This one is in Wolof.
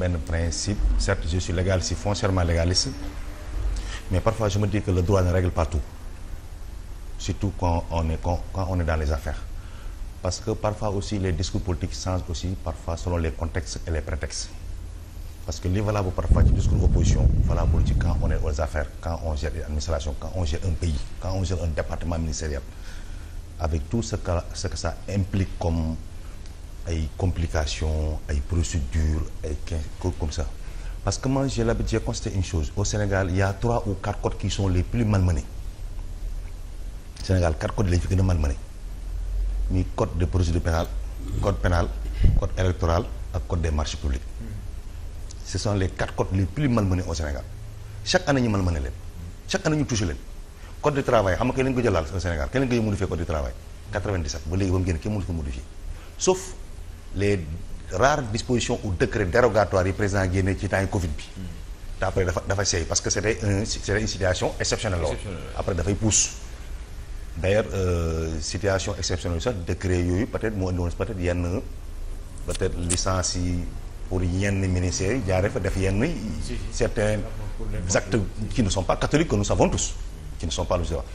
benn principe certes je suis légaliste foncièrement légaliste mais parfois je me dis que le droit ne règle pas surtout quand on est quand, quand on dans les affaires parce que parfois aussi les discours politiques changent aussi parfois selon les contextes et les prétextes parce que li valable parfois ci discours opposition valable ci quand on est affaires quand on gère une administration quand on gère un pays quand on gère un département ministériel ay complication ay procédures ay kii comme ça parce que moi j'ai l'habitude j'ai constaté une chose au Sénégal il a trois ou quatre codes qui sont les plus malmenés Sénégal quatre codes lañ fi gën a malmené muy code de procédure pénale code pénal code électoral ak code des marchés publics ce sont les quatre codes les plus malmenés au Sénégal chaque année ñu malmené leen chaque année ñu touché leen code du travail xam nga kenn lañ ko jëlaal au Sénégal kenn lañ ko modifié les rares dispositions ou décrets dérogatoires yi président génne ci temps yi Covid bi. te après dafa dafa seey parce que c'était un c'était une situation exceptionnelle. exceptionnelle après dafay pousse. d'ailleurs euh, situation exceptionnelle sax décret yooyu peut-être moo indiwoon peut-être yenn peut-être licence yi pour yenn ministère yi jaaree fa def yenn certains actes qui ne sont pas catholiques que nous savons tous qui ne sont pas lucides